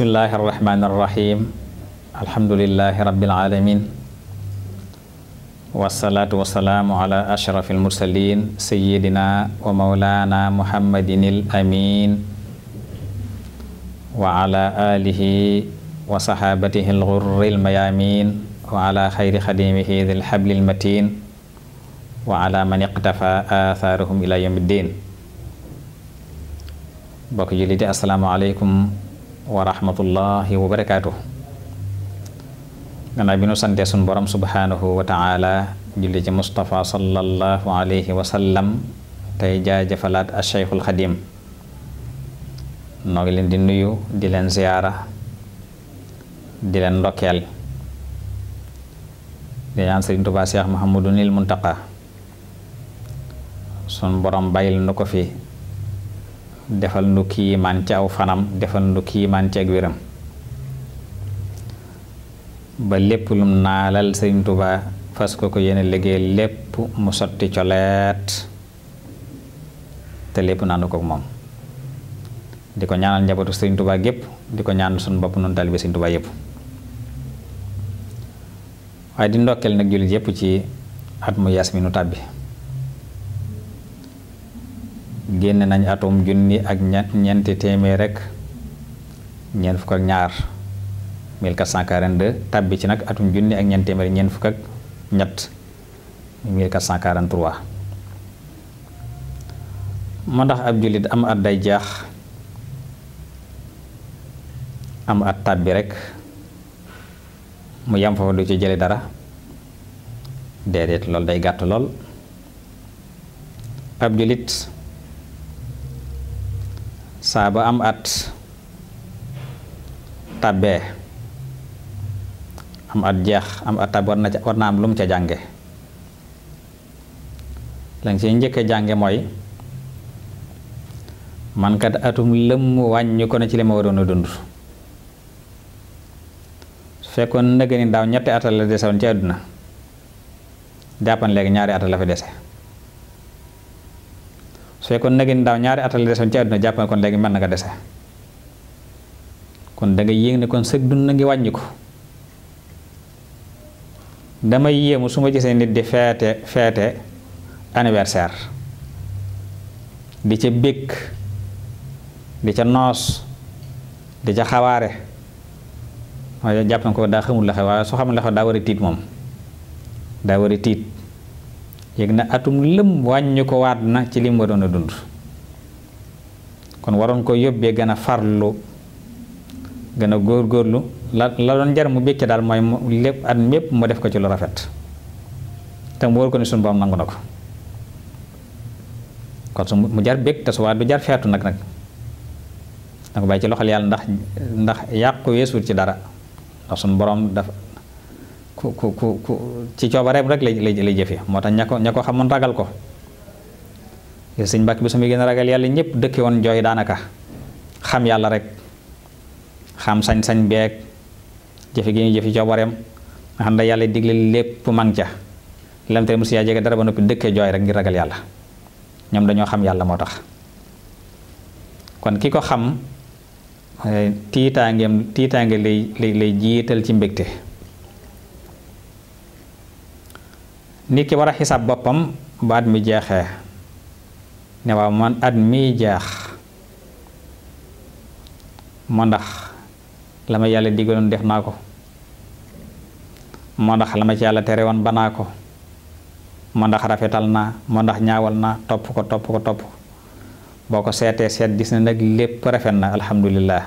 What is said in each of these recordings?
bismillahi arrahmani arrahim alhamdulilahi rabbil alamin wasalaatu wasalaamu ala ashraf almursalin sayidina wa maulana muhammadin al amin wa ala alihi wa sahabatihi al ghurri al mayamin wa ala xayri xadimihi dil habli al matin wa ala man iqtafa atharuhum ila yawmiddin bokk jullit yi asalaamaaleykum wa rahmatullahi wa barakaatu gannaaw bi nu santee sun borom subhaanahu wa taala julli ci Mustafa sallallahu alayhi wa sallam tey jaajëfalaat a Cheikhul Xadim noo ngi leen di nuyu di leen ziyaara di leen ndokkeel di ñaan Sëriñ Tuubaa Cheikh Muhammadunil Muntaqa sun borom bàyyil nu ko fi defal nu kii man ci aw fanam defal nu kii man ci ak wéram ba lépp lum naalal sëriñ Tuubaa fas ko ko yéene liggéey lépp mu sotti coleet te lépp naanu ko moom di ko ñaanal njabootu sëriñ Tuubaa gépp di ko ñaanal suñu bopp noonu taalibe sëriñ Tuubaa yépp waaye di ndokkeel nag jullit yépp ci at mu yees mi nu tàbbi génn nañ atum junni ak ñeenti téeméer rek ñeent fukk ak ñaar tàbbi ci nag atum junni ak ñeent téeméer ñeent fukk ak ñett 1443 moo tax ab jullit am at day jaax am at tàbbi rek mu yam fa du ci jële dara déedéet loolu day gàtt lool ab jullit saa ba am at tàbbee am at jeex am at tab war na war na am lu ca jànge lañ ci njëkka jànge mooy mankat kat atum lëmm wàññi ko ci li ma waroon a dund su fekkoon nëgëni daaw ñetti atal la desewoon ci àdduna jàppan léegi ñaari atal la fi dese su fekkoon nag daaw ñaari atal desoon ci àdduna jàpp nga kon mën na nga dese kon da nga yéeg kon sëg dund na ngi wàññi ko damay yéemu su ma gisee nit di feete feete anniversaire di ca békk di ca noos di ca xawaare waaye jàpp na ko daa xamul la xew waaye su xamul la daa war tiit moom daa war tiit yëg na atum lëm wàññi waat na ci lim doon a dund kon waroon ko yóbbee gën a farlu gën a góorgóorlu la la doon jar mu bécce daal mooy lépp at mépp mu def ko ci lu rafet te mu wóor ko ni suñu borom nangu na ko kon su mu jar bég te su waat du jar feetu nag nag da ko bàyyi ci loxol yàlla ndax ndax yàqu weesul ci dara ndax suñu borom dafa ku ku ku ci coobareem rek lay lay jëfe moo tax ña ko xam ko xamoon ragal ko ngir sëñ Mbàkke bi su muy gën a ragal yàlla ñëpp dëkke woon jooy daanaka xam yàlla rek xam sañ-sañ beeg jëfe gi ñuy jëfe coobareem nga xam ne yàlla digle lépp mang ca lamtale mu si yaa jege dara ba noppi dëkkee jooy rek ngir ragal yàlla ñoom dañoo xam yàlla moo tax kon ki ko xam eh, tiitaangeem tiitaange lay lay jiital ci mbégte nit ki war a xisaab boppam ba at mi jeexee ne waaw man at mi jeex ma ndax la ma yàlla digaloon def naa ko ma ndax la ma ci yàlla tere woon ba naa ko ma ndax rafetal naa ma ndax ñaawal naa topp ko topp ko topp boo ko seetee seet gis na nag lépp rafet na alhamdulilah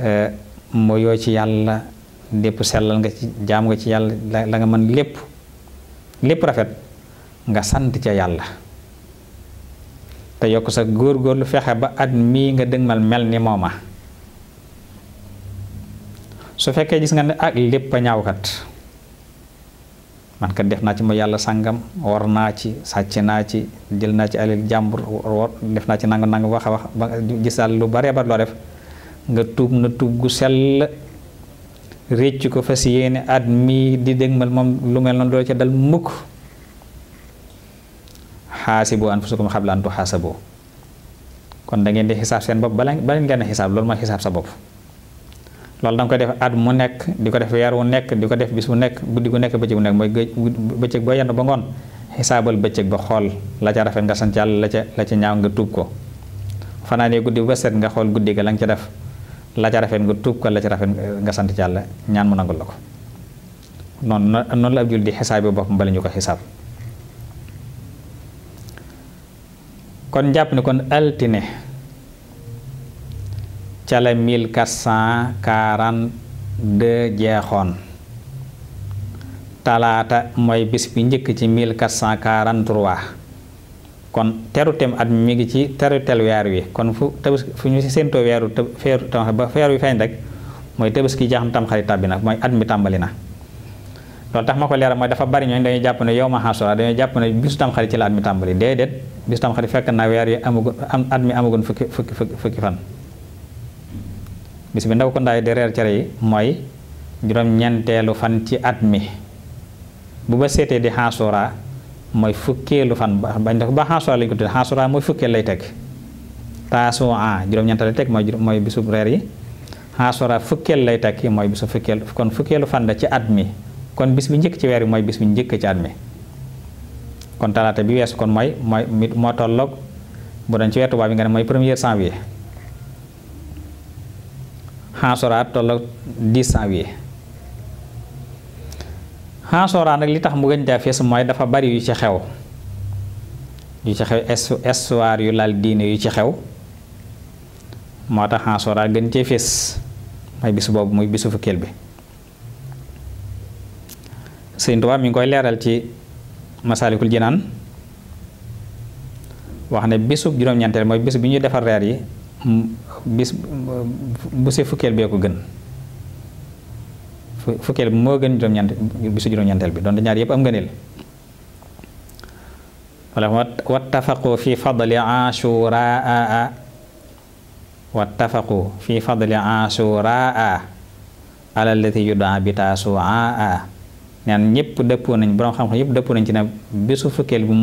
eh, mooyoo ci yàlla lépp sellal nga ci jaam nga ci yàlla la nga mën lépp lépp rafet nga sant ca yàlla te yokk sa lu fexe ba at mii nga dëgmal mel ni mooma su fekkee gis nga ne ak ah, lépp a ñaawkat man kat def naa ci ma yàlla sàngam war naa ci sàcc naa ci jël naa ci alal jàmbur war def naa ci nangu nangu wax a wax ba gisaal lu bare ba loo def nga tuub na tuub gu sell récc ko fas yéene at mii di dégmal moom lu mel noonu doo ca dal mukk xaasibu anfusakum qabla an tuxaasabu kon da ngeen di xisaab seen bopp bala bala ngeen a xisaab loolu mooy xisaab sa bopp loolu da nga koy def at mu nekk di ko def weer wu nekk di ko def bis wu nekk guddi gu nekk bëccëg nekk mooy bëccëg boo yenn ba ngoon xisaabal bëccëg ba xool la ca rafet nga sant yàlla la ca la ca ñaaw nga tuub ko fanaanee guddi ba set nga xool guddi ga la ca def la ca rafet nga tuub ko la ca rafet nga sant ci yàlla ñaan mu nangul la ko noonu noonu la ab jul di xisaab bi boppam bala ñu ko xisaab kon jàpp ne kon altine ca la 1442 jeexoon talaata mooy bis bi njëkk ci 1443 kon terutem at mi ngi ci terutel weer wi kon fu tabaski fu ñu séentoo weeru të feeru ba feer wi feeñ rek mooy tabaski jaaxam tam xarit tàbbi na mooy at mi tàmbali na loolu tax ma ko leeral mooy dafa bari ñooñu dañu jàpp ne yow ma xasora dañuy jàpp ne bisu tam ci la at mi tàmbali det bisu tam xarit fekk na weer yi amagun am at mi amagun fukki fukki fukki fan bis bi ndaw ko ndaay di reer cere yi mooy juróom ñeenteelu fan ci at mi bu seetee di mooy fukkeelu fan bañ def ba xaasura lañ ko tuddee xaasura mooy fukkeel lay teg taasu a juróom-ñeent lay teg mooy mooy bisub reer yi xaasura fukkeel lay teg mooy bisu fukkeel kon fukkeelu fan la ci at mi kon bis bi njëkk ci weer bi mooy bis bi njëkk ci at mi kon talaata bi weesu kon mooy mooy moo tolloog bu doon ci weer tubaab bi nga ne mooy premier janvier xaasura tolloog 10 janvier Achoura nag li tax mu gën caa fees mooy dafa bari yu ci xew yu ci xew histoire yu laal diine yu ci xew moo tax Achoura gën cee fees mooy bis boobu muy bisu fukkeel bi Sëriñ Tuubaa mi ngi koy leeral ci Masaalikul Jinaan wax ne bisub juróom-ñeenteel mooy bis bi ñuy defar reer yi bis bu si fukkeel bee ko gën fukkeel bi moo gën juróom-ñeent bi donte ñaar yëpp am ngëneel wala wattafaqu fi fadli ashuraa wattafaqu ñëpp dëppoo nañ borom xam yëpp dëppoo nañ ci ne bisu fukkeel bi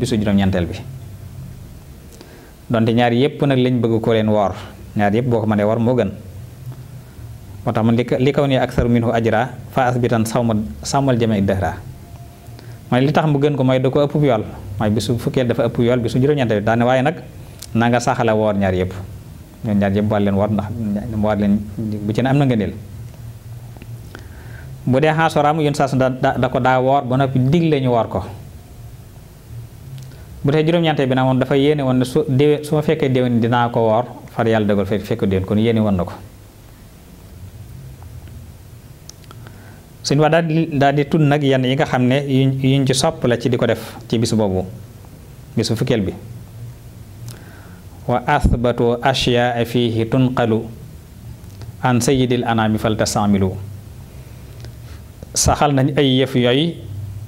bi donte ñaar yëpp nag lañ bëgg ko leen woor ñaar yëpp boo ko manee woor moo gën moo tax man li kaw nii aksar minhu ajra fa asbitan sawma sawmal jame dahra mooy li tax mu gën ko mooy da ko ëpp yool mooy bisu fukkeel dafa ëpp yool bisu juróom-ñeent bi daane waaye nag na nga saxale ñaar yëpp ñoom ñaar yëpp war leen war ndax war leen bu ci ne am na ngëneel bu dee xaasoraam yun da ko daa ba noppi digle ñu woor ko bu tey juróom-ñeente bi nag moom dafa yéene woon ne su déwén su ma fekkee déwén dinaa ko woor far yàlla dogal fekk fekk déwén kon yéene woon na ko suñu wax daal di tudd nag yenn yi nga xam ne yuñ ci sopp la ci di ko def ci bis boobu bisu fukkeel bi wa athbatu ashyaa fihi tunqalu an sayyidil anaami faltastamilu saxal nañ ay yëf yooyu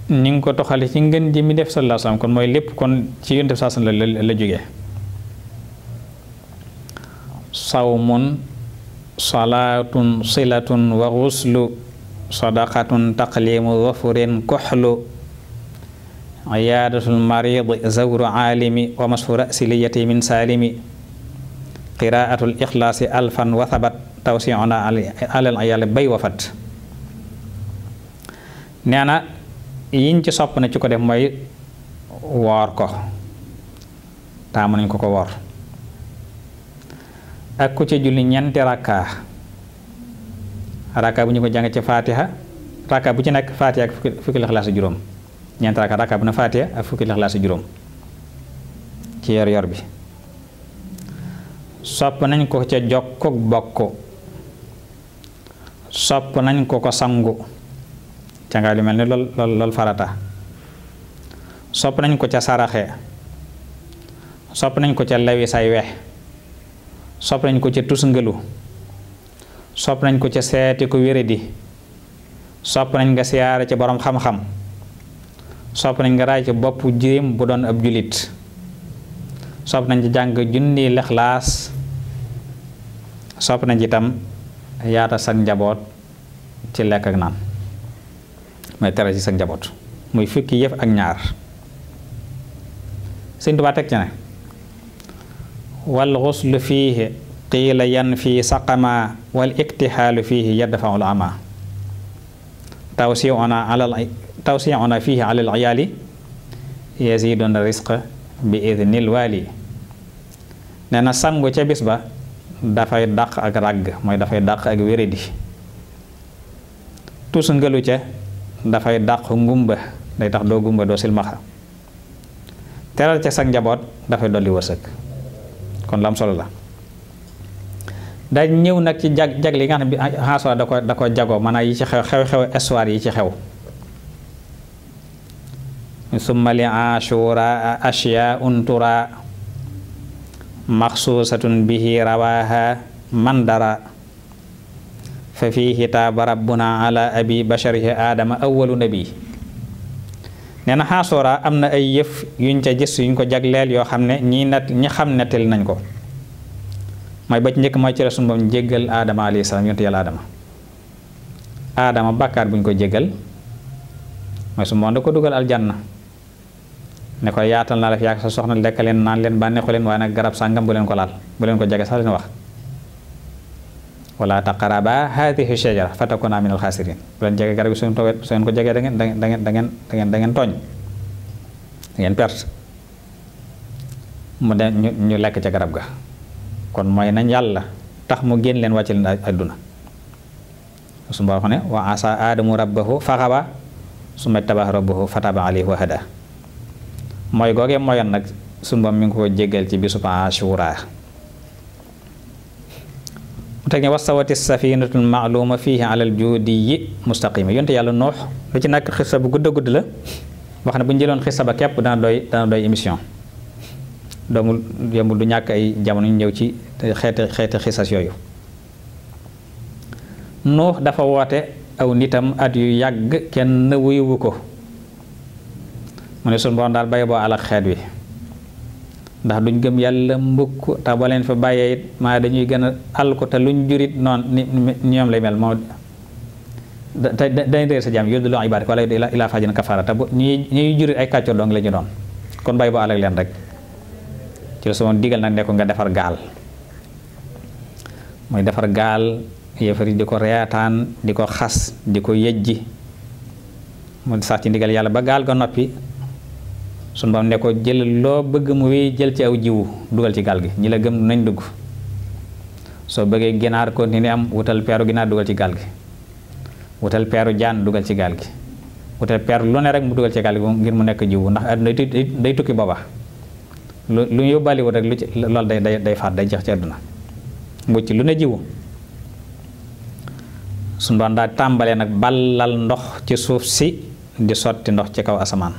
ni nga ko toxalee ci ngën ji mi def sallallahu alayhi wasallam mooy lépp kon ci yonte la la jóge sawmun salaatun silatun wa sadaqatun taqlimu zafurin kuxlu iyaadatul maridi zawru aalimi wa masfu min saalimi qiraatul ixlaasi alfan wa thabat tawsiuna alal ayal bay wafat nee na ci sopp na ci ko def mooy woor ko taamu nañ ko ko woor ak ku ci julli ñeenti raka bu ñu ko jàng ci fatiha raka bu ci nekk fatiha ak fukki lixlaas ak juróom ñeent raka raka bu na fatiha ak fukki lixlaas ak juróom ci yor yor bi sopp nañ ko ca jokkuk bokk sopp nañ ko ko sangu ca nga mel ni lool lool farata sopp nañ ko ca saraxe sopp nañ ko ca lewi say wex sopp nañ ko ca tusngalu sopp nañ ko ca seeti ku wéradi sopp nañ nga siyaare ci boroom xam-xam sopp nañ nga raay ca bopp jéem bu doon ab jullit sopp nañ ci jàng junni lexlaas sopp nañ ci itam yaata sag njaboot ci lekk ak naan mooy tere ci sag njaboot muy fukki yëf ak ñaar Sëñ Tuubaa ci ne wal xuslu fiihi qiila yan fii saqama wal taw fiihi yadfau l ama tawsiuna ala tawsiuna fiihi ala l iyaali yasiduna risq bi idnil waali nee na sangu ca bis ba dafay dàq ak ràgg mooy dafay dàq ak wéradi tus ngelu ca dafay dàq ngumba day tax doo gumba doo silmaxa teral ca sag njaboot dafay dolli wërsëg kon lam la dañ ñëw nag ci jag jag li nga xam ne bi xaasora ah, da ko da ko yi ci xew xew-xew histoire yi ci xew summa li ashura ashyaun tura maxsuusatun bihi rawaha mandara fa fiihi taaba rabbuna ala abi basharihi aadama awalu nabi nee na xaasora am na ay yëf yuñ ca gis yuñ ko jagleel yoo xam ne ñi nat xam nettali nañ ko mooy ba ci njëkk mooy ci la jéggal aadama alayhi salaam yonte yàlla aadama aadama bàkkaar bu ñu ko jéggal mooy sunu borom da ko dugal aljanna ne ko yaatal naa la fi yaak sa soxna lekk leen naan leen bànneexu leen waaye nag garab sàngam bu leen ko laal bu leen ko jege sax leen wax wala taqaraba haadihi shajara fatakuna min alxaasirin bu leen jege garab gi su ngeen ko jegee da ngeen da ngeen da da ngeen da ngeen tooñ da perte mu de ñu lekk ca garab ga kon mooy nañ yàlla tax mu génn leen wàcc leen àdduna su ma wax ne wa asa aadamu rabbahu faxaba summa tabaa rabbahu fataba alayhi wa hada mooy googee moyoon nag sumbam mi ngi ko jégal ci bisu Ashura mu teg ne wastawati safinatul maaluma fihi alal juudi yi mustaqima yonte yàlla noox lu ci nekk xisa bu gudd gudd la wax ne bu ñu jëloon xisa ba képp dana doy dana émission doomul yemul du ñàkk ay jamono ñu ñëw ci xeeti xeeti xisas yooyu nuux dafa woote aw nitam at yu yàgg kenn wuyuwu ko mu ne suñu daal bay boo alak xeet wi ndax duñ gëm yàlla mbukk te boo leen fa bàyyee maa dañuy gën a àll ko te luñ jurit noon ni ñoom lay mel moom te dañ réer sa jaam yóddu loo ibaad ko wala ilaa fajin kafaara te bu ñuy ñuy jurit ay kàccoor dong la ñu doon kon bay boo alak leen rek ci la sama digal nag ne nga defar gaal mooy defar gaal yéefar yi di ko reetaan di ko xas di ko yëjji mu sax ci ndigal yàlla ba gaal ga noppi sun bam nekkoo ko jël loo bëgg mu wéy jël ci aw jiwu dugal ci gaal gi ñi la gëm nañ dugg soo bëggee ginaar ni am wutal peeru ginaar dugal ci gaal gi wutal peeru jaan dugal ci gaal gi wutal peeru lu ne rek mu dugal ci gaal gi ngir mu nekk jiwu ndax àdduna day tukki booba lu lu ñu yóbbaaliwul rek lu ci loolu day day day faat day jeex ci àdduna mucc lu ne jiw su doon daa tàmbalee nag ballal ndox ci suuf si di sotti ndox ci kaw asamaan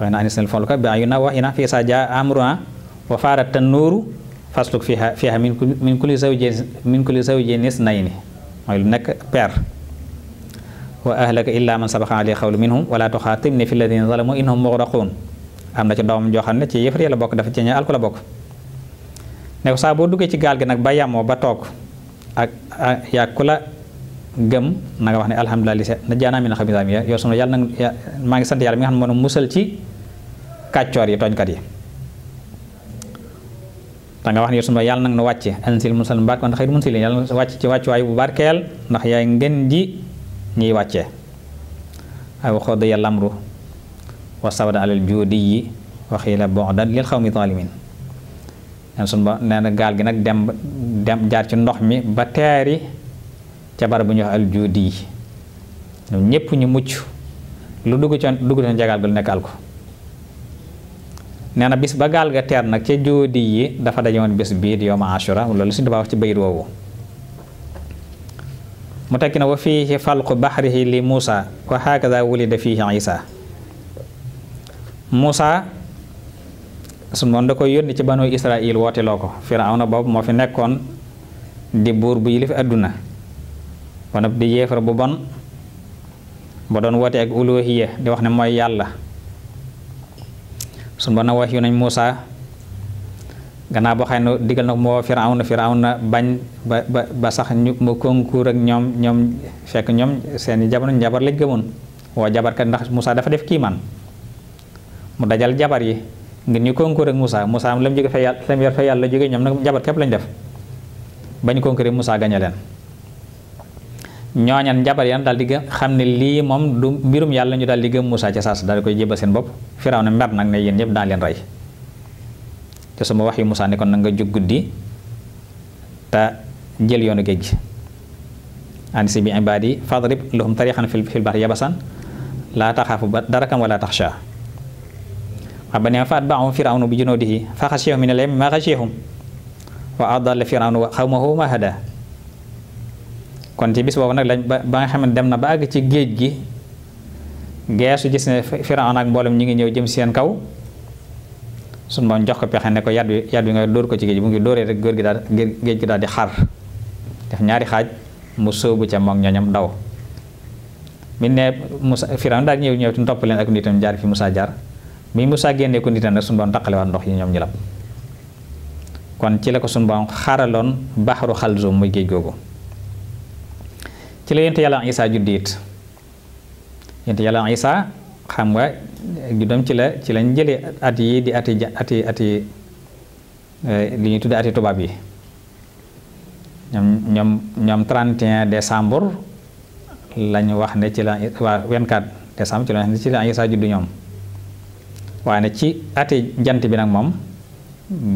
xëy na anisnel fonluka bi yu na wax ina fii sa ja amruna wa faara tannuuru fasluk fiha fiha min min kulli zawjin min kulli zawjin isnayni mooy lu nekk per wa ahlaka illa man sabaqa alayhi xawlu minhum wala tuxaatibni fi alladina zalamu innahum muxraqun am na ci doom joo xam ne ci yëfar la bokk dafa ci ñe alku la bokk ne ko saa boo duggee ci gaal gi nag ba yamoo ba toog ak yàg ku la gëm nanga wax ne alhamdulilah li na jaanaa mi na xamisaam ya yow sunu yàlla maa ngi sant yàlla mi nga xam ne moom musal ci kàccoor yi tooñkat yi danga nga wax ne yow sunu yàlla nag nu wàcce ansil musal mbaat kon xëy mun si li yàlla wàcc ci wàccuwaay bu barkeel ndax yaay ngeen ji ñiy wàccee aw xodda yàlla amru wa sabr alal juudi waxiila bu'dan lil xaw zaalimiin nee na sunu ba nee gaal gi nag dem dem jaar ci ndox mi ba teeri ca barab bu ñuy wax al juudi yi ñoom ñu mucc lu dugg ca dugg ca jagaal ga lu nekkal ko nee na bis ba gaal ga teer nag ca jóodi yi dafa dajoon bés bii di ma ashura loolu suñu tubaab wax ci bayit woowu mu tekki na wa fiihi falqu baxrihi li muusa wa hakada wulida fiihi isa Moussa sunu moom da koy yónni ci banu Israil wooteeloo loo ko Firawna boobu moo fi nekkoon di buur bu yilif àdduna ba di yéefar bu bon ba doon woote ak uluhiyya di wax ne mooy yàlla sunu ba na wax yu nañ Moussa gannaaw boo xam ne digal na moo Firawna Firawna bañ ba ba ba sax ñu mu concours ak ñoom ñoom fekk ñoom seeni jamono njabar lañ gëmoon woo jabarkat ndax Moussa dafa def kiimaan mu dajal jabar yi ngir ñu concours ak Moussa Moussa am lam jóge fa yàlla lam yor fa yàlla jóge ñoom nag jabar képp lañ def bañ concours musaa gañe leen ñooñan jabar yan daal di gëm xam ne lii moom du mbirum yàlla ñu daal di gëm Moussa ca saas daal koy jébal seen bopp firaw na mer nag ne yéen ñëpp daa leen rey te suma wax yi Moussa nekkoon kon na nga jóg guddi te jël yoonu géej gi ansi bi ibaadi fadrib lahum tariqan fil bahri yabasan laa taxaafu darakan wala rabbana fatba'ahum firawnu bi junuudihi fa xasiyahum min ma xasiyahum wa adalla firawnu xawmahu ma hada kon ci bis boobu nag lañ ba nga ne dem na ba àgg ci géej gi geesu gis ne firawn ak mboolem ñu ngi ñëw jëm seen kaw suñ jox ko pexe ne ko yat bi yat bi nga dóor ko ci géej bu ngi dóoree rek góor gi daal géej gi daal di xar def ñaari xaaj mu sóobu ca moog ñoñam daw bi ne Musa Firawna daal ñëw ñëw topp leen ak nitam jaar fi musaa jar bi Moussa génnee ko nitam nag suñu borom taqalewaat ndox yi ñoom ñu kon ci la ko suñu xaaraloon xaraloon baxaru xalzum muy géej googu ci la yent yàlla Isaa judd it yent yàlla Isaa xam nga juddam ci la ci lañ jëlee at yi di ati ati ati e, li ñuy tudde ati tubaab yi ñoom ñoom ñoom 31 décembre la ñu wax ne ci la waa 24 décembre ci la ñu wax ne ci la Isaa judd ñoom waaye nag ci ati jant bi nag moom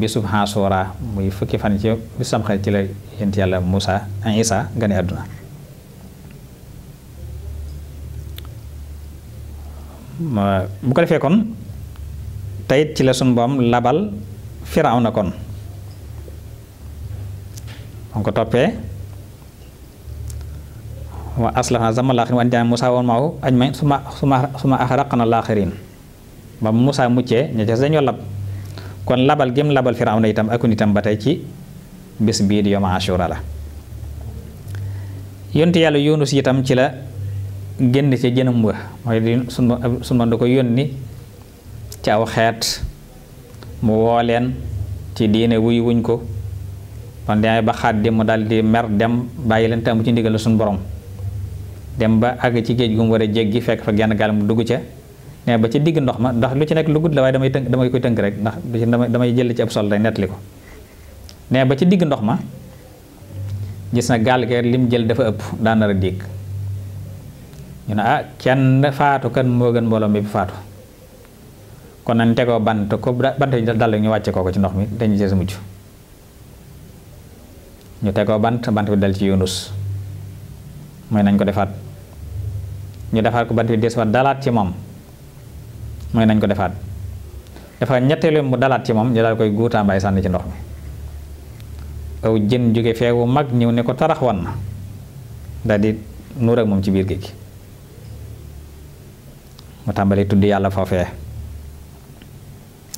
bisub xaasuura muy fukki fan ci bi samxel ci la yent yàlla Muusa ak Isa gane àdduna bu ko defee kon tayit ci la sun boom labal Firawna kon on ko toppee wa aslahna zama laaxirin wa anjaynaa Muusa woon ma ajmain ma suma suma axraqna laaxirin ba Moussa muccee ña ca dañoo lab kon labal gém labal Firawna itam akun itam ba tey ci bés biir di yoma Ashura la yonti yàlla Yunus itam ci la génn ca jënam wa mooy di sunu ko yónni ca aw xeet mu woo leen ci diine wuy wuñ ko kon demee ba xàddi mu dal di mer dem bàyyi leen tam ci ndigal la suñu borom dem ba àgg ci géej gu mu war a jéggi fekk fa genn gaal mu dugg ca ne ba ci digg ndox ma ndax lu ci nekk lu gudd la waaye damay tënk damay koy tënk rek ndax lu ci damay jël ci ab sol rek nettali ko ne ba ci digg ndox ma gis na gaal gi lim jël dafa ëpp daa a diig ñu ne ah kenn faatu kan moo gën mbooloo mi faatu kon nañ tegoo bant ko bant yi dal ñu wàcce kooku ci ndox mi dañu ci mujj ñu tegoo bant bant bi dal ci nañ ko defaat ñu defaat ko bant bi des waat dalaat ci moom mooy nañ ko defaat dafa ñetteelu mu dalaat ci moom ñu daal koy guutaambaay sànni ci ndox mi aw jën jóge feewu mag ñëw ne ko tarax wan na daal di nuur moom ci biir géej mu tàmbali tudd yàlla foofee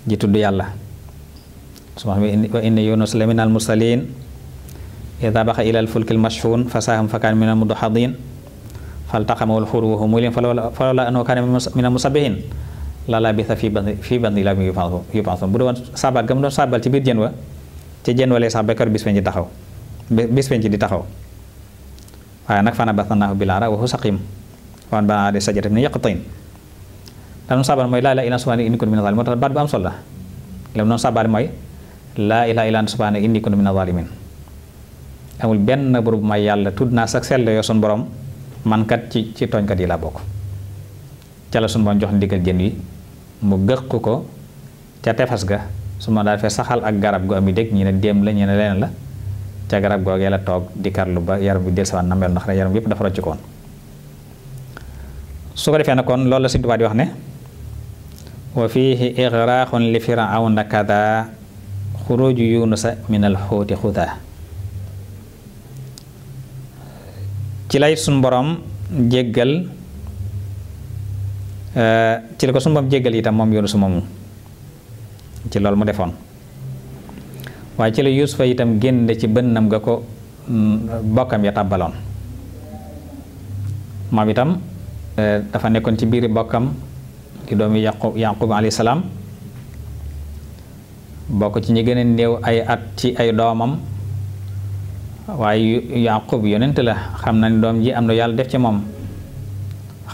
ji tudd yàlla su ma xam wa inna yunus la min al mursalin ida baxa ila al fulki al mashhun fa saaham fa kaan min al mudhadin faltaqamahu al xur wa hum mulim fa lawla annahu kaana min al musabbihin la la bisa fii ban fii ban la mi yu penson bu doon sabal gam doon sabal ci biir jën wa ci jën wa lay sax ba kër bis penc taxaw bis penc di taxaw waaye nag fana basnaahu bil araa wa huwa saqiim wan banaa de sajaratin min yaqtiin la noonu sabal mooy laa ilaaha illa anta subhaanaka innii kuntu mina zaalimiin moo tax baat la la noonu sabal mooy laa ilaaha illa anta subhaanaka innii kuntu mina amul benn bërëb may yàlla tudd naa sax sell yoo sun borom man ci ci tooñkat yi laa bokk ca sun borom jox ndigal jën yi mu gëq ko ca tefes ga su ma daal fee saxal ak garab gu ami dégg ñi ne démb la ñi ne leen la ca garab googee la toog di karlu ba yaram bi del sawaan namel ndax ne yaram bi yëpp dafa rocc koon su ko defee na kon loolu la Sëñ Tuubaa di wax ne wa fiihi igraqun li firawna kada xuruju yunusa min al xuuti xuda ci lay sun borom jéggal Eh, ci la ko sumbam jéggal itam moom Yunusu moomu ci loolu mu defoon waaye ci la Yuusufa itam génn ci bënnam nga ko mm, bokkam ya tàbbaloon moom itam eh, dafa nekkoon ci biiri bokkam di doomi yaqub yaqub alayhi salaam bokk ci ñi gën néew ay at ci ay doomam waaye yaqub yonent la xam na ni doom ji am na yàlla def ci moom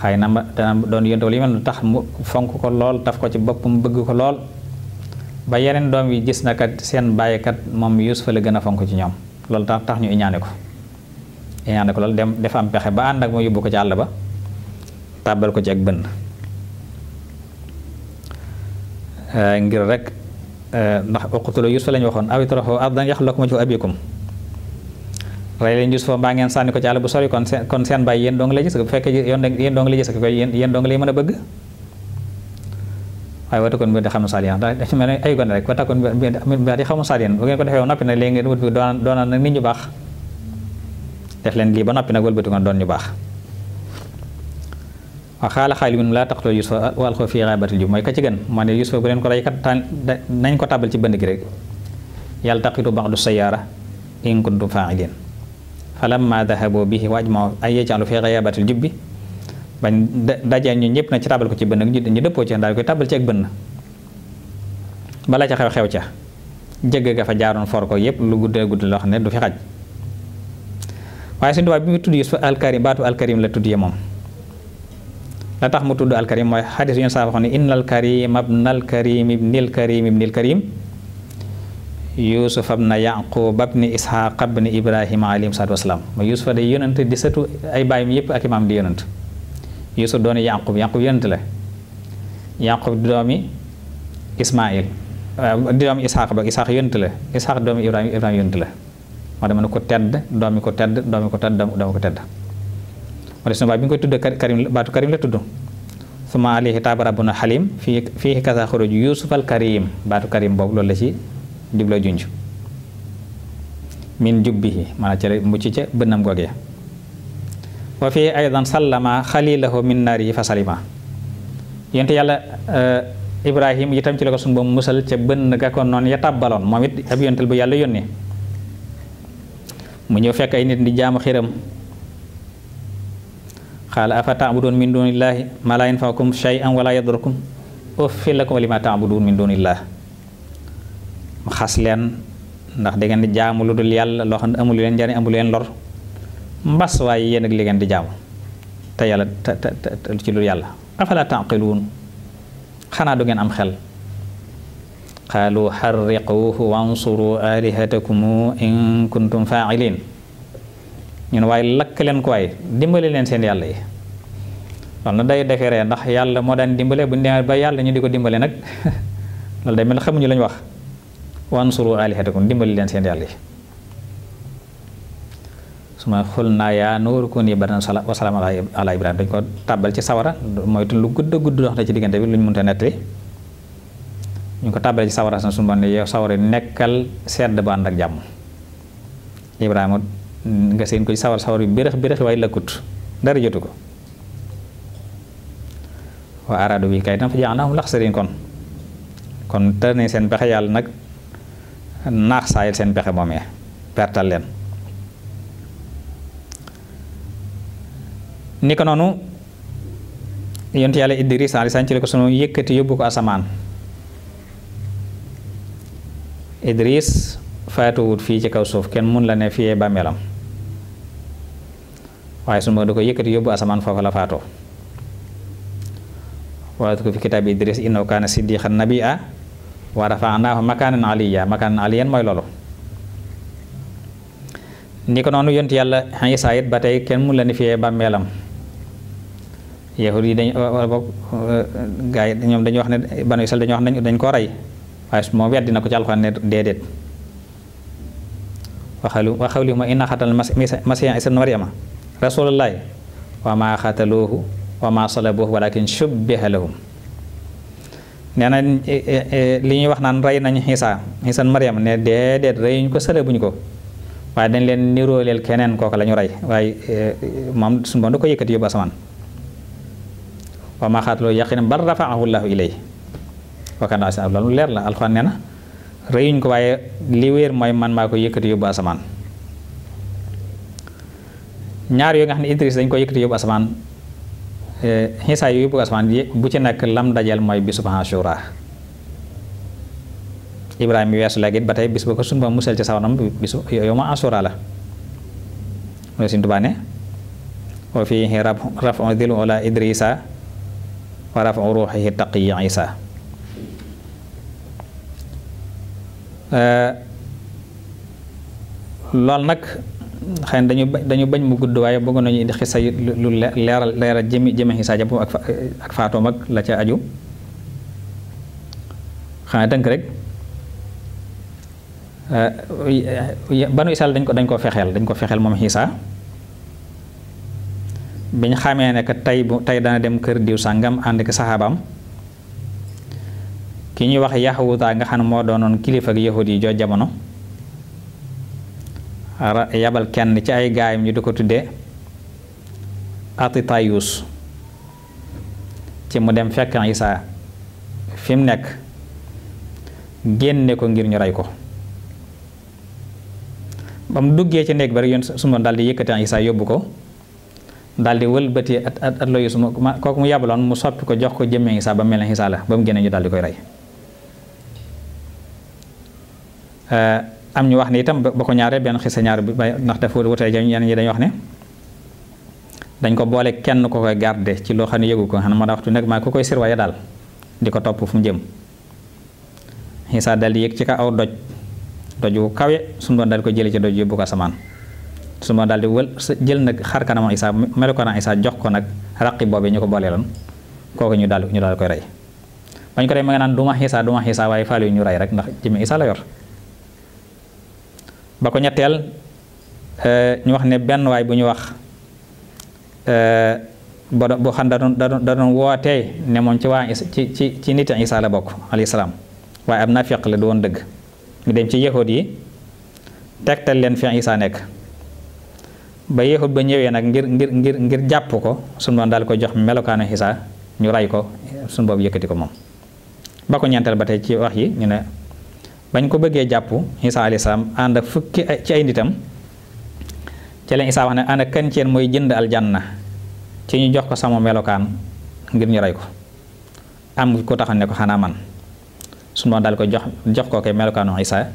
xëy na dana doon yonte wala yu mel tax mu fonk ko lool taf ko ci boppam bëgg ko lool ba yeneen doom yi gis na seen bàyyikat moom Yuusufa la gën a fonk ci ñoom loolu tax tax ñu iñaane ko iñaane ko loolu dem def am pexe ba ànd ak mu yóbbu ko ci àll ba tàbbal ko ci ak bënn ngir rek eh, ndax uqtulu Yuusufa lañu waxoon aw itrahuuhu ardan yaxlu lakum wajhu abiikum rey leen jus foofu mbaa ngeen sànni ko ci àll bu sori kon seen kon seen bàyyi yéen dong la gis bu fekkee yéen dong la gis ko lay mën a bëgg waaye wata kon bi di xamu saliyan da dafa mel bu ngeen ko defee ba noppi nag léegi ngeen wut doon doonal nag nit ñu baax def leen lii ba noppi nag wëlbati ngoon doon ñu baax wa xaala xaali min laa taqtulu yusufa wa alqahu fii ghaabatil jubb mooy ka ci gën moo ne yusufa bu leen ko rey kat nañ ko tàbbal ci bënd gi rek yàlla taqitu du sayyaara in kuntum faa'iliin falamma dahabu bihi wajmau ay yeccaandu fi xayaabatil jubbi bañ dajee ñu ñëpp nag ci tabal ko ci bënn ñu dëppoo ci daal koy tabal ci ak bënn bala ca xew xew ca jëgg ga fa jaaroon for ko yëpp lu guddee gudd loo xam ne du fi xaj waaye suñu tubaab bi mu tudd Yuusuf alkarim baatu alkarim la tudd moom la tax mu tudd alkarim mooy xadis yu ñu saa waxoon ne innal karim abnal karim ibnil karim ibnil karim yusuf abna yaqub abni ishaq abni ibrahima alayhi salaatu wasalaam ma yusufa day yonent di sëtu ay baayam yépp ak imaam di yonent yusuf dooni yaqub yaqub yonent la yaqub di doomi ismail di doomi ishaq ba ishaq yonent la ishaq doomi ibrahima ibrahima yonent la moo dama ne ko tedd doomi ko tedd doomi ko tedd doomi ko tedd moo te sunu baay bi nga koy tudd karim baatu fii fii kasa xuruj yusuf karim baatu karim boobu loolu la ci dig la junj min jubbihi maanaam ci la mucc ca bënnam googee wa fii aydan sallama xalilahu min naari fa salima yonte yàlla euh, ibrahim itam ci la ko sun ba musal ca bënn ga ko noonu ya tàbbaloon moom it ab yontel bu yàlla yónnee mu ñëw fekk ay nit di jaamu xiram xaala afa taabuduun min dunillahi ma laa yanfaakum shay'an wala yadurrukum uffin lakum lima taabuduun min dunillah mu xas leen ndax da ngeen di jaamu lu dul yàlla loo xam ne amul leen njariñ amul leen lor mbas waaye yéen ak li ngeen di jaamu te yàlla te te ci lu yàlla afala taqiluun xanaa du ngeen am xel qaalu xarriquuhu wansuru alihatakum in kuntum faa'iliin ñun waaye lakk leen ko waaye dimbale leen seen yàlla yi loolu na day defee ndax yàlla moo daan dimbale bu ñu ba yàlla ñu di ko dimbale nag loolu day mel xamuñu lañ wax wansuru alihatakum dimbali leen seen yàlla yi su ma xul naa yaa nooru ko nii badan wasalaam ala ibrahima dañ ko tàbbal ci sawara moytu lu gudd a gudd dox na ci diggante bi lu ñu mënta nettali ñu ko tàbbale nga seen ko ci sawar sawar yu bérëx bérëx waaye lëkkut dara jotu ko waa araado bi kay tam fa jaax na lax sëriñ kon kon tër nañ seen pexe yàlla nag naax saayal seen pexe moomee pertal leen ni ko noonu yonent yàlla Idris alayhi salaam ci la ko sunu yëkkati yóbbu ko asamaan Idris faatuwut fii ci kaw suuf kenn mun la ne fiyee bàmmeelam waaye sunu ma da ko yëkkati yóbbu asamaan foofu la faatoo walat ko fi kitaab Idris innahu kaana siddiqan nabiyya wa rafaanaahu makaanan aliyya makaanan aliyyan mooy loolu ni ko noonu yonent yàlla Isaa it ba tey kenn mun la ni fiyee bàmmeelam yahud yi dañ eh, gaa yi wax ne banu wax ne dañ ko rey waaye moom weddi na ko ci alxuraan ne déedéet waxalu waxawli ma inna xatal masiiha isa maryama rasuulullaahi wa maa xataluuhu wa maa salabuuhu walaakin shubbiha lahum nee na eh, eh, eh, li ñuy wax naan rey nañ xiisa xiisan mariam ne déedéet reyuñ ko sële ko waaye dañ leen nirooleel keneen kooka lañu ñu rey waaye moom suñu borom da ko yëkkati yóbbu asamaan ko waaye li wéer man maa ko yëkkati yóbbu asamaan ñaar yooyu nga xam ne Idris dañ ko yëkkati yóbbu asamaan xisaay yu bugg asamaan bu ci nekk lam dajal mooy bisub Ashura Ibrahima weesu léegi it ba tey bis ba ko sunu ba musal ci sawanam bisu yow ma Ashura la loolu Sëriñ Tuubaa ne wa fiihi raf'u dhil ula Idrisa wa raf'u ruuhihi taqi Isa loolu nag xëy na dañu bañ mu gudd waaye bëggoon nañu indi xisa sa lu leeral leeral jëmi jëmi xisaa jàpp ak ak faatoom ak la ca aju xanaa tënk rek euh, banu Israel dañ ko dañ ko fexeel dañ ko fexeel moom xisaa biñ xamee ne que tey bu tey dana dem kër diw sàngam ànd ak saxaabam ki ñuy wax yaxawutaa nga xam ne moo doonoon kilifa ak yahud yi joo jamono yabal kenn ci ay gaayam ñu di ko tudde atitayus ci mu dem fekk isa fi mu nekk génne ko ngir ñu rey ko ba mu duggee ci néeg ba rek yoon suma dal di yëkkati isa yóbbu ko dal di wëlbati at at at loyu suma kooku mu yabaloon mu soppi ko jox ko jëmmee isa ba mel ne la ba mu génne ñu dal di koy rey euh, am ñu wax ne itam ba ko ñaaree benn xisa ñaar bi ndax dafa wutee ñenn ñi dañuy ne dañ ko boole kenn ko koy garde ci loo xam ne yëgu ko xanaa moo tax waxtu nekk maa ko koy sirwaye daal di ko topp fu mu jëm xisaa dal di ci ka aw doj doj wu kawe suñu doon dal ko jëlee ci doj yóbbu ko asamaan su ma daal di wël jël nag xar kanam Isaa melu ko na Isaa jox ko nag raqi boobu ñu ko booleeloon kooku ñu daal ñu daal koy rey bañ ko rey ma nga naan du ma Isaa du ma Isaa waaye faale ñu rey rek ndax jëmmi Isaa la yor ba ko ñetteel euh, ñu wax ne benn waay bu ñu wax ba euh, bu xam da doon da doon wootee ne moom ci waa ci ci ci nit Isa la bokk alayhi salaam waaye ab nafiq la du woon dëgg ñu dem ci yahud yi tegtal leen fi ngi saa nekk ba yahud ba ñëwee nag ngir ngir ngir ngir jàpp ko suñu doon daal ko jox melokaanu Isa ñu ray ko suñu boobu yëkkati ko moom ba ko ñeenteel ba tey ci wax yi ñu ne bañ ko bëggee jàpp Isa alayhi salaam ànd ak fukki ci ay nitam ci leen Isa wax ne ànd ak kan ceen mooy jënd na ci ñu jox ko sama melokaan ngir ñu rey ko am ko taxaw ne ko xanaa man suñu boom daal di ko jox jox ko koy melokaanu Isa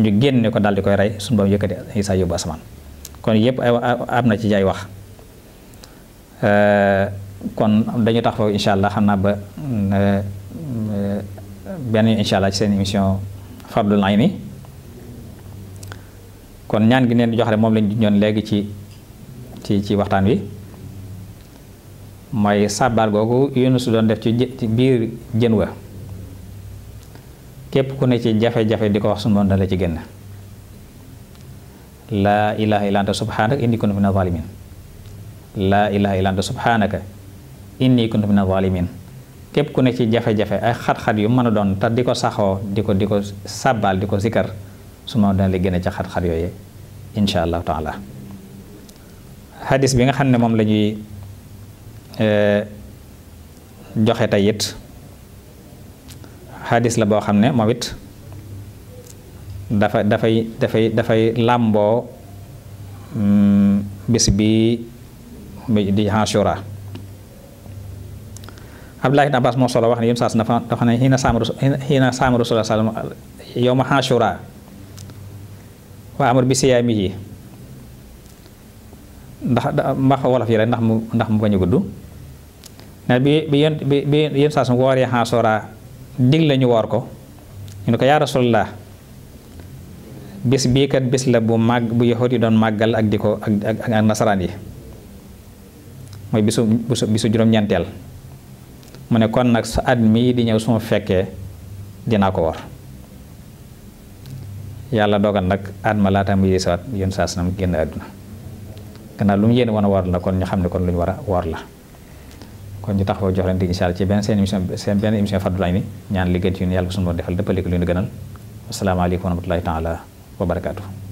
ñu génne ko daal di koy rey suñu boom yëkkati Isa yóbbu asamaan kon yëpp ay am na ci jaay wax kon dañu tax foofu incha allah xam naa ba benn incha ci seen émission fardul ayni kon ñaan gi neen jox rek moom lañ ñoon léegi ci ci ci waxtaan wi mooy sàbbaal googu su doon def ci jë biir jën wa képp ku ne ci jafe-jafe di ko wax suñu la ci génn laa ilaha illa anta subhanaka inni kuntu minaz zalimin laa ilaha illa anta subhanaka inni kuntu minaz zalimin képp ku ne ci jafe-jafe ay xat-xat yu mën a doon te di ko saxoo di ko di ko sàbbaal di ko sikkar su ma daan la génne ci yooyu incha allahu taala hadis bi nga xam ne moom la ñuy eh, joxe tey it hadis la boo xam ne moom it dafa dafay dafay dafay làmboo mm, bis bi di Ashura Abdullah ibn Abbas moo solo wax ne yém saas na dafa ne xiina saama xiina saama rasul sallam yowma waa amar bi siyaami yi ndax mbax wolof yi rek ndax mu ndax mu bañ a gudd ne bi bi yén saas wooree Ashura dig la ñu woor ko ñu ne ko yaa rasulullah bis bii kat bis la bu màgg bu yahut yi doon màggal ak di ko ak ak nasaraan yi mooy bisu bisu bisu juróom-ñeenteel mu ne kon nag sa at mii di ñëw su fekkee dinaa ko war yàlla dogal nag at ma laata muy saat yoon saa sanam génn àdduna gannaaw lu mu yéen woon a war la kon ñu xam ne kon lu ñu war a war la kon ñu taxaw jox leen di incha allah ci benn seen émission seen ñaan liggéey ci ñun yàlla ko defal dëppale ko lu ñu gënal asalaamaaleykum wa rahmatullahi taala wa barakaatu.